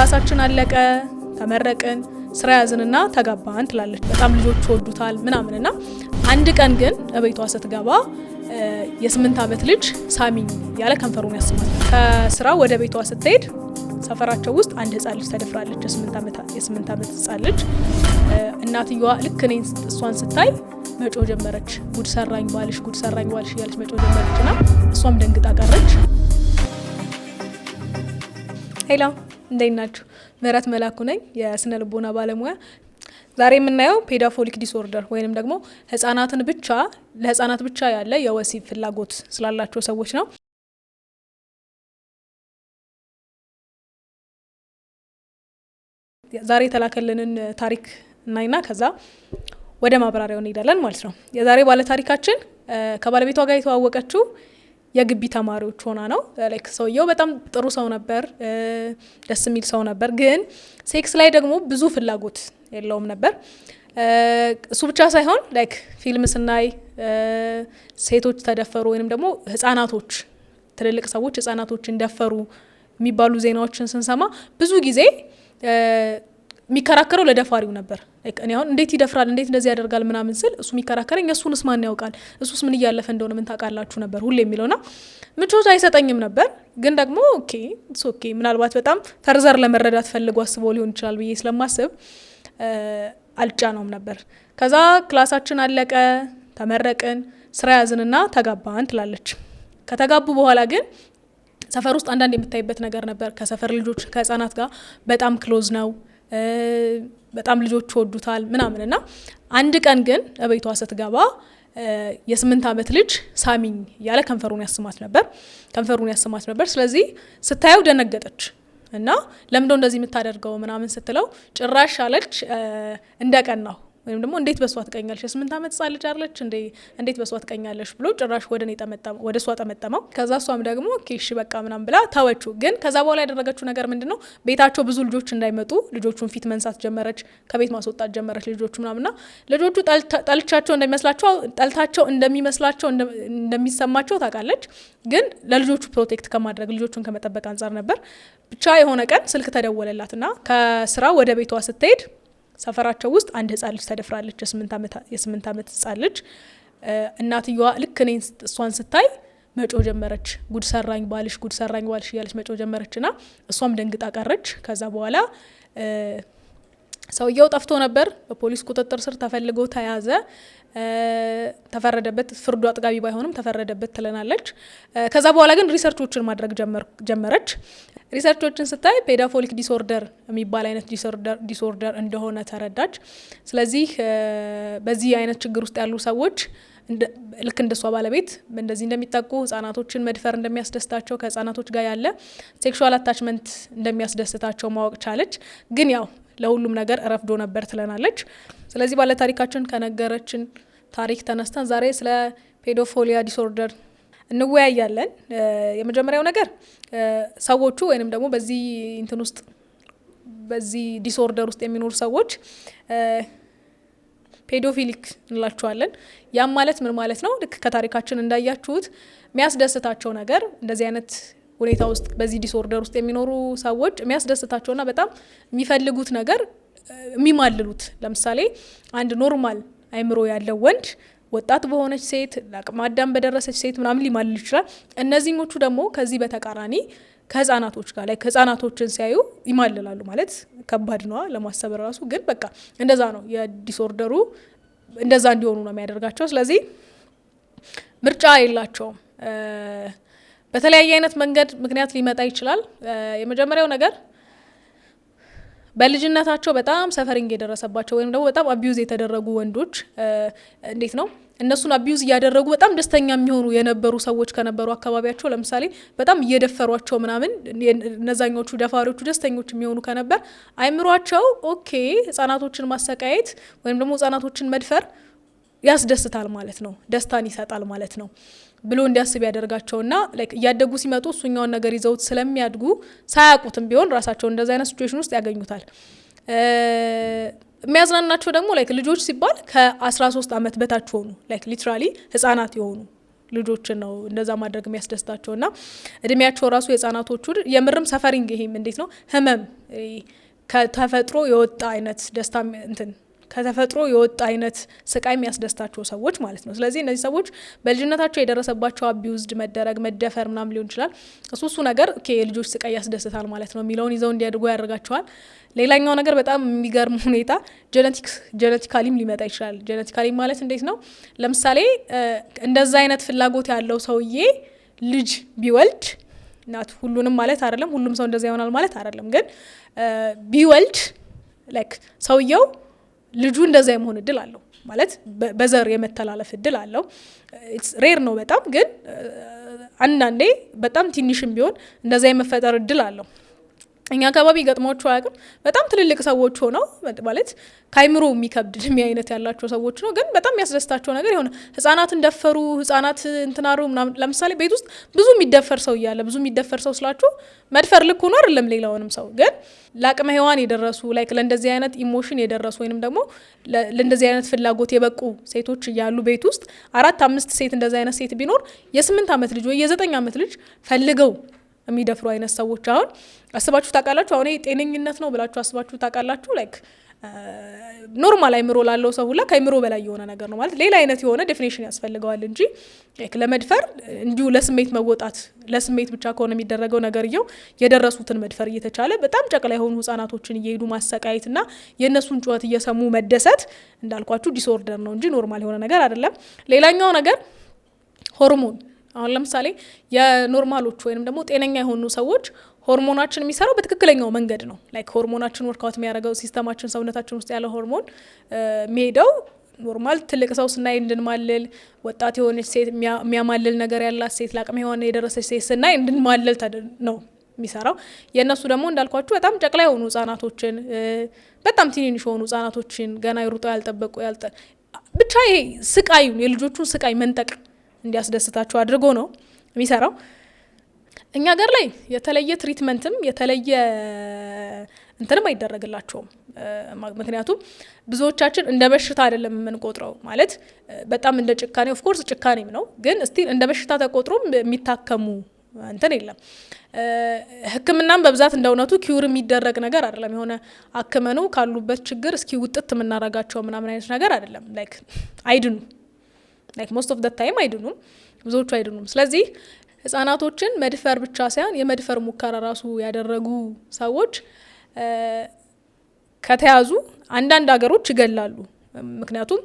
ክላሳችን አለቀ፣ ተመረቅን፣ ስራ ያዝንና ተጋባን ትላለች። በጣም ልጆች ወዱታል ምናምንና አንድ ቀን ግን እቤቷ ስትገባ የስምንት ዓመት ልጅ ሳሚኝ ያለ ከንፈሩን ያስማል። ከስራ ወደ ቤቷ ስትሄድ ሰፈራቸው ውስጥ አንድ ህፃን ልጅ ተደፍራለች። የስምንት ዓመት ህፃን ልጅ እናትየዋ ልክ እኔን እሷን ስታይ መጮ ጀመረች። ጉድ ሰራኝ ባልሽ፣ ጉድ ሰራኝ ባልሽ እያለች መጮ ጀመረች እና እሷም ደንግጣ ቀረች። ሄላ እንዴት ናችሁ? ምህረት መላኩ ነኝ የስነ ልቦና ባለሙያ። ዛሬ የምናየው ፔዳፎሊክ ዲስኦርደር ወይንም ደግሞ ህጻናትን ብቻ ለህጻናት ብቻ ያለ የወሲብ ፍላጎት ስላላቸው ሰዎች ነው። ዛሬ የተላከልንን ታሪክ እናይና ከዛ ወደ ማብራሪያው እንሄዳለን ማለት ነው። የዛሬ ባለታሪካችን ከባለቤቷ ጋር የተዋወቀችው የግቢ ተማሪዎች ሆና ነው። ላይክ ሰውየው በጣም ጥሩ ሰው ነበር፣ ደስ የሚል ሰው ነበር። ግን ሴክስ ላይ ደግሞ ብዙ ፍላጎት የለውም ነበር። እሱ ብቻ ሳይሆን ላይክ ፊልም ስናይ ሴቶች ተደፈሩ ወይንም ደግሞ ህጻናቶች፣ ትልልቅ ሰዎች ህጻናቶች እንደፈሩ የሚባሉ ዜናዎችን ስንሰማ ብዙ ጊዜ የሚከራከረው ለደፋሪው ነበር። እኔ አሁን እንዴት ይደፍራል እንዴት እንደዚህ ያደርጋል ምናምን ስል እሱ የሚከራከረኝ እሱንስ ማን ያውቃል እሱስ ምን እያለፈ እንደሆነ ምን ታውቃላችሁ ነበር ሁሌ የሚለውና ምቾት አይሰጠኝም ነበር። ግን ደግሞ ኦኬ ኦኬ ምናልባት በጣም ፈርዘር ለመረዳት ፈልጎ አስበው ሊሆን ይችላል ብዬ ስለማስብ አልጫነውም ነበር። ከዛ ክላሳችን አለቀ፣ ተመረቅን፣ ስራ ያዝንና ተጋባን ትላለች። ከተጋቡ በኋላ ግን ሰፈር ውስጥ አንዳንድ የምታይበት ነገር ነበር። ከሰፈር ልጆች ከህጻናት ጋር በጣም ክሎዝ ነው። በጣም ልጆች ወዱታል ምናምን እና አንድ ቀን ግን እቤቷ ስትገባ የስምንት ዓመት ልጅ ሳሚኝ እያለ ከንፈሩን ያስማት ነበር ከንፈሩን ያስማት ነበር። ስለዚህ ስታየው ደነገጠች እና ለምንድነው እንደዚህ የምታደርገው ምናምን ስትለው ጭራሽ አለች ነው። ወይም ደግሞ እንዴት በሷ ትቀኛለች? የስምንት ዓመት ህጻን ልጅ አለች፣ እንዴት በሷ ትቀኛለች ብሎ ጭራሽ ወደ ወደ እሷ ጠመጠመው። ከዛ እሷም ደግሞ ኬሺ በቃ ምናም ብላ ታወችው። ግን ከዛ በኋላ ያደረገችው ነገር ምንድን ነው? ቤታቸው ብዙ ልጆች እንዳይመጡ ልጆቹን ፊት መንሳት ጀመረች፣ ከቤት ማስወጣት ጀመረች ልጆቹ ምናምና ልጆቹ ጠልቻቸው እንደሚመስላቸው ጠልታቸው እንደሚመስላቸው እንደሚሰማቸው ታውቃለች። ግን ለልጆቹ ፕሮቴክት ከማድረግ ልጆቹን ከመጠበቅ አንጻር ነበር። ብቻ የሆነ ቀን ስልክ ተደወለላትና ከስራ ወደ ቤቷ ስትሄድ ሰፈራቸው ውስጥ አንድ ህጻን ልጅ ተደፍራለች። የስምንት ዓመት ህጻን ልጅ እናትየዋ ልክ እኔ እሷን ስታይ መጮ ጀመረች። ጉድ ሰራኝ ባልሽ፣ ጉድ ሰራኝ ባልሽ እያለች መጮ ጀመረች ና እሷም ደንግጣ ቀረች። ከዛ በኋላ ሰውየው ጠፍቶ ነበር። በፖሊስ ቁጥጥር ስር ተፈልጎ ተያዘ። ተፈረደበት ፍርዱ አጥጋቢ ባይሆንም ተፈረደበት ትለናለች። ከዛ በኋላ ግን ሪሰርቾችን ማድረግ ጀመረች። ሪሰርቾችን ስታይ ፔዳፎሊክ ዲስኦርደር የሚባል አይነት ዲስኦርደር እንደሆነ ተረዳች። ስለዚህ በዚህ አይነት ችግር ውስጥ ያሉ ሰዎች ልክ እንደሷ ባለቤት እንደዚህ እንደሚጠቁ ህጻናቶችን መድፈር እንደሚያስደስታቸው ከህጻናቶች ጋር ያለ ሴክሹዋል አታችመንት እንደሚያስደስታቸው ማወቅ ቻለች። ግን ያው ለሁሉም ነገር ረፍዶ ነበር ትለናለች። ስለዚህ ባለ ታሪካችን ከነገረችን ታሪክ ተነስተን ዛሬ ስለ ፔዶፎሊያ ዲስኦርደር እንወያያለን። የመጀመሪያው ነገር ሰዎቹ ወይንም ደግሞ በዚህ እንትን ውስጥ በዚህ ዲስኦርደር ውስጥ የሚኖሩ ሰዎች ፔዶፊሊክ እንላቸዋለን። ያም ማለት ምን ማለት ነው? ልክ ከታሪካችን እንዳያችሁት የሚያስደስታቸው ነገር እንደዚህ አይነት ሁኔታ ውስጥ በዚህ ዲስኦርደር ውስጥ የሚኖሩ ሰዎች የሚያስደስታቸውና በጣም የሚፈልጉት ነገር የሚማልሉት ለምሳሌ አንድ ኖርማል አይምሮ ያለው ወንድ ወጣት በሆነች ሴት፣ ለአቅመ አዳም በደረሰች ሴት ምናምን ሊማልል ይችላል። እነዚህኞቹ ደግሞ ከዚህ በተቃራኒ ከህጻናቶች ጋር ላይ ህጻናቶችን ሲያዩ ይማልላሉ። ማለት ከባድ ነዋ ለማሰብ ራሱ ግን በቃ እንደዛ ነው። የዲስኦርደሩ እንደዛ እንዲሆኑ ነው የሚያደርጋቸው። ስለዚህ ምርጫ የላቸውም። በተለያየ አይነት መንገድ ምክንያት ሊመጣ ይችላል። የመጀመሪያው ነገር በልጅነታቸው በጣም ሰፈሪንግ የደረሰባቸው ወይም ደግሞ በጣም አቢዩዝ የተደረጉ ወንዶች እንዴት ነው እነሱን አቢዩዝ እያደረጉ በጣም ደስተኛ የሚሆኑ የነበሩ ሰዎች ከነበሩ አካባቢያቸው ለምሳሌ በጣም እየደፈሯቸው ምናምን እነዛኞቹ ደፋሪዎቹ ደስተኞች የሚሆኑ ከነበር አይምሯቸው ኦኬ ህጻናቶችን ማሰቃየት ወይም ደግሞ ህጻናቶችን መድፈር ያስደስታል ማለት ነው። ደስታን ይሰጣል ማለት ነው ብሎ እንዲያስብ ያደርጋቸውና እያደጉ ሲመጡ እሱኛውን ነገር ይዘውት ስለሚያድጉ ሳያውቁትም ቢሆን ራሳቸውን እንደዚ አይነት ሲቹዌሽን ውስጥ ያገኙታል። የሚያዝናናቸው ደግሞ ላይክ ልጆች ሲባል ከ13 ዓመት በታች ሆኑ ላይክ ሊትራሊ ህጻናት የሆኑ ልጆችን ነው እንደዛ ማድረግ የሚያስደስታቸው እና እድሜያቸው ራሱ የህጻናቶቹ የምርም ሰፈሪንግ ይሄም እንዴት ነው ህመም ከተፈጥሮ የወጣ አይነት ደስታ እንትን ከተፈጥሮ የወጡ አይነት ስቃይ የሚያስደስታቸው ሰዎች ማለት ነው። ስለዚህ እነዚህ ሰዎች በልጅነታቸው የደረሰባቸው አቢውዝድ መደረግ፣ መደፈር ምናምን ሊሆን ይችላል። እሱ እሱ ነገር የልጆች ስቃይ ያስደስታል ማለት ነው የሚለውን ይዘው እንዲያድጉ ያደርጋቸዋል። ሌላኛው ነገር በጣም የሚገርም ሁኔታ ጀነቲካሊም ሊመጣ ይችላል። ጀነቲካሊም ማለት እንዴት ነው? ለምሳሌ እንደዛ አይነት ፍላጎት ያለው ሰውዬ ልጅ ቢወልድ እናት ሁሉንም ማለት አይደለም፣ ሁሉም ሰው እንደዛ ይሆናል ማለት አይደለም። ግን ቢወልድ ላይክ ሰውየው ልጁ እንደዛ የመሆን እድል አለው ማለት በዘር የመተላለፍ እድል አለው። ሬር ነው በጣም ግን አንዳንዴ በጣም ትንሽም ቢሆን እንደዛ የመፈጠር እድል አለው። እኛ አካባቢ ገጥሟቸው አያውቅም። በጣም ትልልቅ ሰዎች ሆነው ማለት ከአይምሮ የሚከብድ እድሜ አይነት ያላቸው ሰዎች ነው። ግን በጣም የሚያስደስታቸው ነገር የሆነ ህጻናት እንደፈሩ ህጻናት እንትናሩ ለምሳሌ ቤት ውስጥ ብዙ የሚደፈር ሰው እያለ ብዙ የሚደፈር ሰው ስላችሁ መድፈር ልክ ሆኖ አይደለም፣ ሌላውንም ሰው ግን ለአቅመ ሔዋን የደረሱ ላይክ ለእንደዚህ አይነት ኢሞሽን የደረሱ ወይንም ደግሞ ለእንደዚህ አይነት ፍላጎት የበቁ ሴቶች እያሉ ቤት ውስጥ አራት አምስት ሴት እንደዚህ አይነት ሴት ቢኖር የስምንት ዓመት ልጅ ወይ የዘጠኝ ዓመት ልጅ ፈልገው የሚደፍሩ አይነት ሰዎች አሁን አስባችሁ ታውቃላችሁ? አሁን ጤነኝነት ነው ብላችሁ አስባችሁ ታውቃላችሁ? ላይክ uh, ኖርማል አይምሮ ላለው ሰው ሁላ ከአይምሮ በላይ የሆነ ነገር ነው ማለት ሌላ አይነት የሆነ ዴፊኔሽን ያስፈልገዋል እንጂ ለመድፈር እንዲሁ ለስሜት መወጣት ለስሜት ብቻ ከሆነ የሚደረገው ነገርየው የደረሱትን መድፈር እየተቻለ በጣም ጨቅላ የሆኑ ህጻናቶችን እየሄዱ ማሰቃየት እና የእነሱን ጩኸት እየሰሙ መደሰት እንዳልኳችሁ ዲስኦርደር ነው እንጂ ኖርማል የሆነ ነገር አይደለም። ሌላኛው ነገር ሆርሞን አሁን ለምሳሌ የኖርማሎች ወይም ደግሞ ጤነኛ የሆኑ ሰዎች ሆርሞናችን የሚሰራው በትክክለኛው መንገድ ነው። ላይክ ሆርሞናችን ወርካውት የሚያደርገው ሲስተማችን፣ ሰውነታችን ውስጥ ያለ ሆርሞን የሚሄደው ኖርማል ትልቅ ሰው ስናይ እንድንማልል፣ ወጣት የሆነች ሴት የሚያማልል ነገር ያላት ሴት፣ ለአቅም የሆነ የደረሰች ሴት ስናይ እንድንማልል ነው የሚሰራው። የእነሱ ደግሞ እንዳልኳችሁ በጣም ጨቅላ የሆኑ ህጻናቶችን፣ በጣም ትንንሽ የሆኑ ህጻናቶችን ገና ሩጦ ያልጠበቁ ብቻ ይሄ ስቃዩን የልጆቹን ስቃይ መንጠቅ እንዲያስደስታችሁ አድርጎ ነው የሚሰራው። እኛ ሀገር ላይ የተለየ ትሪትመንትም የተለየ እንትንም አይደረግላቸውም። ምክንያቱም ብዙዎቻችን እንደ በሽታ አይደለም የምንቆጥረው። ማለት በጣም እንደ ጭካኔ ኦፍኮርስ ጭካኔም ነው፣ ግን እስቲል እንደ በሽታ ተቆጥሮም የሚታከሙ እንትን የለም። ሕክምናም በብዛት እንደ እውነቱ ኪውር የሚደረግ ነገር አይደለም። የሆነ አክመኑ ካሉበት ችግር እስኪ ውጥት የምናረጋቸው ምናምን አይነት ነገር አይደለም። ላይክ አይድኑ ላይክ ሞስት ኦፍ ደ ታይም አይድኑም፣ ብዙዎቹ አይድኑም። ስለዚህ ህጻናቶችን መድፈር ብቻ ሳይሆን የመድፈር ሙከራ ራሱ ያደረጉ ሰዎች ከተያዙ አንዳንድ ሀገሮች ይገላሉ። ምክንያቱም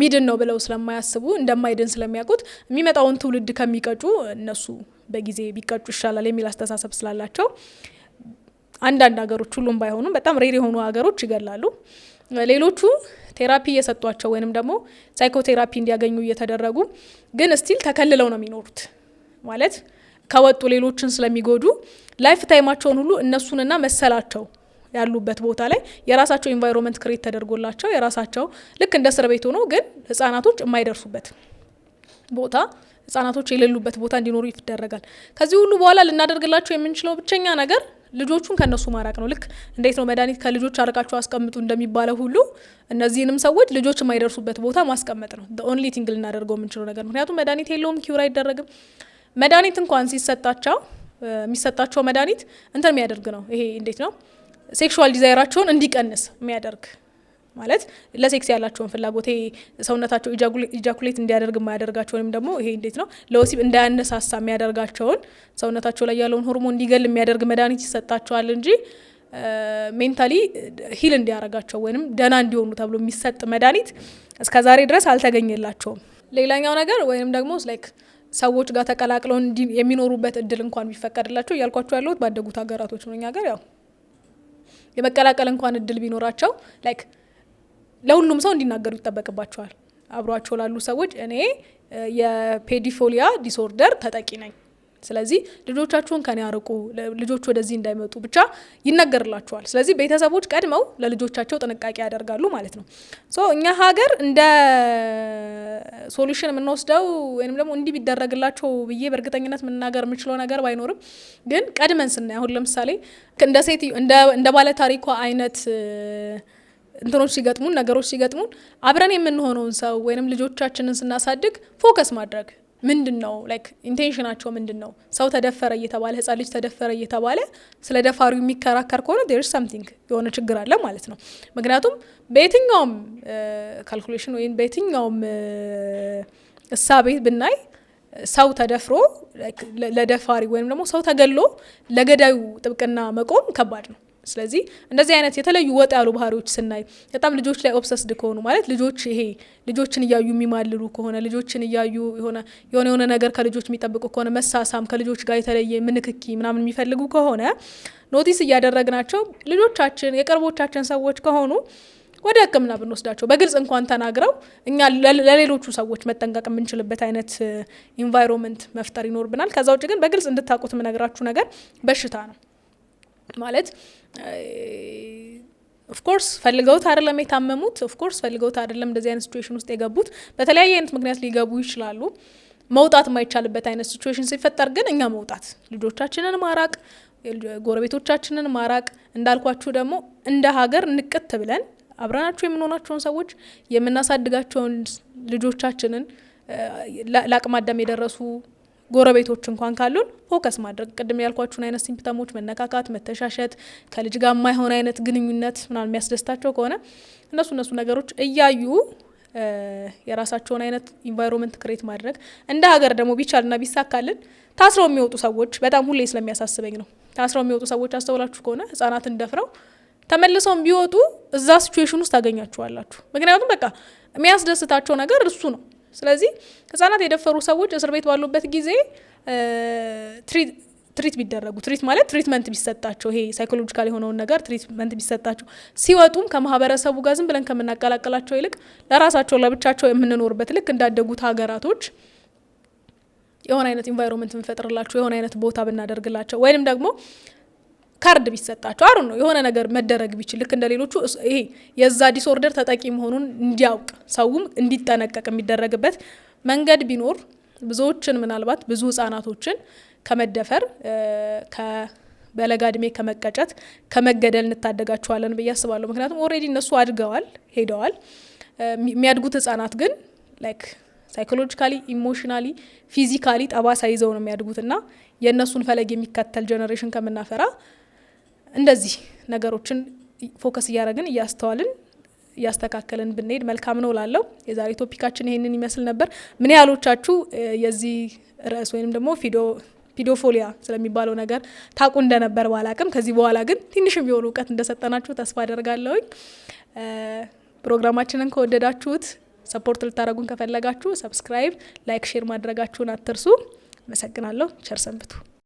ሚድን ነው ብለው ስለማያስቡ እንደማይድን ስለሚያውቁት የሚመጣውን ትውልድ ከሚቀጩ እነሱ በጊዜ ቢቀጩ ይሻላል የሚል አስተሳሰብ ስላላቸው አንዳንድ ሀገሮች ሁሉም ባይሆኑም በጣም ሬር የሆኑ ሀገሮች ይገላሉ። ሌሎቹ ቴራፒ እየሰጧቸው ወይንም ደግሞ ሳይኮቴራፒ እንዲያገኙ እየተደረጉ ግን ስቲል ተከልለው ነው የሚኖሩት ማለት ከወጡ ሌሎችን ስለሚጎዱ ላይፍ ታይማቸውን ሁሉ እነሱንና መሰላቸው ያሉበት ቦታ ላይ የራሳቸው ኢንቫይሮንመንት ክሬት ተደርጎላቸው የራሳቸው ልክ እንደ እስር ቤት ሆኖ ግን ህጻናቶች የማይደርሱበት ቦታ ህጻናቶች የሌሉበት ቦታ እንዲኖሩ ይደረጋል። ከዚህ ሁሉ በኋላ ልናደርግላቸው የምንችለው ብቸኛ ነገር ልጆቹን ከነሱ ማራቅ ነው። ልክ እንዴት ነው መድኃኒት ከልጆች አርቃቸው አስቀምጡ እንደሚባለው ሁሉ እነዚህንም ሰዎች ልጆች የማይደርሱበት ቦታ ማስቀመጥ ነው ኦንሊ ቲንግ ልናደርገው የምንችለው ነገር። ምክንያቱም መድኃኒት የለውም፣ ኪውር አይደረግም። መድኃኒት እንኳን ሲሰጣቸው የሚሰጣቸው መድኃኒት እንትን የሚያደርግ ነው። ይሄ እንዴት ነው ሴክሹዋል ዲዛይራቸውን እንዲቀንስ የሚያደርግ ማለት ለሴክስ ያላቸውን ፍላጎት ሰውነታቸው ኢጃኩሌት እንዲያደርግ የማያደርጋቸው ወይም ደግሞ ይሄ እንዴት ነው ለወሲብ እንዳያነሳሳ የሚያደርጋቸውን ሰውነታቸው ላይ ያለውን ሆርሞን እንዲገል የሚያደርግ መድኃኒት ይሰጣቸዋል እንጂ ሜንታሊ ሂል እንዲያደርጋቸው ወይም ደህና እንዲሆኑ ተብሎ የሚሰጥ መድኃኒት እስከ ዛሬ ድረስ አልተገኘላቸውም። ሌላኛው ነገር ወይም ደግሞ ላይክ ሰዎች ጋር ተቀላቅለው የሚኖሩበት እድል እንኳን ቢፈቀድላቸው እያልኳቸው ያለሁት ባደጉት ሀገራቶች ነው። እኛ ሀገር ያው የመቀላቀል እንኳን እድል ቢኖራቸው ላይክ ለሁሉም ሰው እንዲናገሩ ይጠበቅባቸዋል። አብሯቸው ላሉ ሰዎች እኔ የፔዲፎሊያ ዲስኦርደር ተጠቂ ነኝ፣ ስለዚህ ልጆቻችሁን ከኔ አርቁ ልጆች ወደዚህ እንዳይመጡ ብቻ ይነገርላቸዋል። ስለዚህ ቤተሰቦች ቀድመው ለልጆቻቸው ጥንቃቄ ያደርጋሉ ማለት ነው። ሶ እኛ ሀገር እንደ ሶሉሽን የምንወስደው ወይም ደግሞ እንዲህ ቢደረግላቸው ብዬ በእርግጠኝነት መናገር የምችለው ነገር ባይኖርም ግን ቀድመን ስናይ አሁን ለምሳሌ እንደ ሴት እንደ ባለታሪኳ አይነት እንትኖች ሲገጥሙን ነገሮች ሲገጥሙን አብረን የምንሆነውን ሰው ወይንም ልጆቻችንን ስናሳድግ ፎከስ ማድረግ ምንድን ነው ላይክ ኢንቴንሽናቸው ምንድን ነው? ሰው ተደፈረ እየተባለ ህጻን ልጅ ተደፈረ እየተባለ ስለ ደፋሪው የሚከራከር ከሆነ ዴር ሳምቲንግ የሆነ ችግር አለ ማለት ነው። ምክንያቱም በየትኛውም ካልኩሌሽን ወይም በየትኛውም እሳቤ ብናይ ሰው ተደፍሮ ለደፋሪ ወይም ደግሞ ሰው ተገሎ ለገዳዩ ጥብቅና መቆም ከባድ ነው። ስለዚህ እንደዚህ አይነት የተለዩ ወጥ ያሉ ባህሪዎች ስናይ በጣም ልጆች ላይ ኦብሰስድ ከሆኑ ማለት ልጆች ይሄ ልጆችን እያዩ የሚማልሉ ከሆነ ልጆችን እያዩ የሆነ የሆነ ነገር ከልጆች የሚጠብቁ ከሆነ መሳሳም፣ ከልጆች ጋር የተለየ ምንክኪ ምናምን የሚፈልጉ ከሆነ ኖቲስ እያደረግናቸው ልጆቻችን የቅርቦቻችን ሰዎች ከሆኑ ወደ ሕክምና ብንወስዳቸው በግልጽ እንኳን ተናግረው እኛ ለሌሎቹ ሰዎች መጠንቀቅ የምንችልበት አይነት ኢንቫይሮንመንት መፍጠር ይኖርብናል። ከዛ ውጭ ግን በግልጽ እንድታውቁት የምነግራችሁ ነገር በሽታ ነው። ማለት ኦፍኮርስ ፈልገውት አይደለም የታመሙት። ኦፍኮርስ ፈልገውት አይደለም እንደዚህ አይነት ሲትዌሽን ውስጥ የገቡት። በተለያየ አይነት ምክንያት ሊገቡ ይችላሉ። መውጣት የማይቻልበት አይነት ሲትዌሽን ሲፈጠር ግን እኛ መውጣት፣ ልጆቻችንን ማራቅ፣ ጎረቤቶቻችንን ማራቅ፣ እንዳልኳችሁ ደግሞ እንደ ሀገር ንቅት ብለን አብረናቸው የምንሆናቸውን ሰዎች የምናሳድጋቸውን ልጆቻችንን ለአቅመ አዳም የደረሱ ጎረቤቶች እንኳን ካሉን ፎከስ ማድረግ ቅድም ያልኳችሁን አይነት ሲምፕተሞች መነካካት፣ መተሻሸት፣ ከልጅ ጋር የማይሆን አይነት ግንኙነት ምናምን የሚያስደስታቸው ከሆነ እነሱ እነሱ ነገሮች እያዩ የራሳቸውን አይነት ኢንቫይሮንመንት ክሬት ማድረግ እንደ ሀገር ደግሞ ቢቻልና ቢሳካልን ታስረው የሚወጡ ሰዎች በጣም ሁሌ ስለሚያሳስበኝ ነው። ታስረው የሚወጡ ሰዎች አስተውላችሁ ከሆነ ህጻናትን ደፍረው ተመልሰውም ቢወጡ እዛ ሲቹዌሽን ውስጥ ታገኛችኋላችሁ። ምክንያቱም በቃ የሚያስደስታቸው ነገር እሱ ነው። ስለዚህ ህጻናት የደፈሩ ሰዎች እስር ቤት ባሉበት ጊዜ ትሪት ቢደረጉ ትሪት ማለት ትሪትመንት ቢሰጣቸው ይሄ ሳይኮሎጂካል የሆነውን ነገር ትሪትመንት ቢሰጣቸው ሲወጡም ከማህበረሰቡ ጋር ዝም ብለን ከምናቀላቀላቸው ይልቅ ለራሳቸው ለብቻቸው የምንኖርበት ልክ እንዳደጉት ሀገራቶች የሆነ አይነት ኢንቫይሮንመንት ብንፈጥርላቸው የሆነ አይነት ቦታ ብናደርግላቸው ወይንም ደግሞ ካርድ ቢሰጣቸው አሩ ነው የሆነ ነገር መደረግ ቢችል ልክ እንደሌሎቹ ይሄ የዛ ዲስኦርደር ተጠቂ መሆኑን እንዲያውቅ ሰውም እንዲጠነቀቅ የሚደረግበት መንገድ ቢኖር ብዙዎችን ምናልባት ብዙ ህጻናቶችን ከመደፈር በለጋ እድሜ ከመቀጨት ከመገደል እንታደጋቸዋለን ብዬ አስባለሁ። ምክንያቱም ኦልሬዲ እነሱ አድገዋል፣ ሄደዋል። የሚያድጉት ህጻናት ግን ላይክ ሳይኮሎጂካሊ፣ ኢሞሽናሊ፣ ፊዚካሊ ጠባሳ ይዘው ነው የሚያድጉት እና የእነሱን ፈለግ የሚከተል ጀኔሬሽን ከምናፈራ እንደዚህ ነገሮችን ፎከስ እያደረግን እያስተዋልን እያስተካከልን ብንሄድ መልካም ነው ላለው የዛሬ ቶፒካችን ይሄንን ይመስል ነበር። ምን ያህሎቻችሁ የዚህ ርዕስ ወይም ደግሞ ፊዶ ስለሚባለው ነገር ታቁ እንደነበር ባላቅም ከዚህ በኋላ ግን ትንሽም የሆኑ እውቀት እንደሰጠናችሁ ተስፋ አደርጋለሁኝ። ፕሮግራማችንን ከወደዳችሁት ሰፖርት ልታደረጉን ከፈለጋችሁ ሰብስክራይብ፣ ላይክ፣ ሼር ማድረጋችሁን አትርሱ። አመሰግናለሁ። ቸር ሰንብቱ።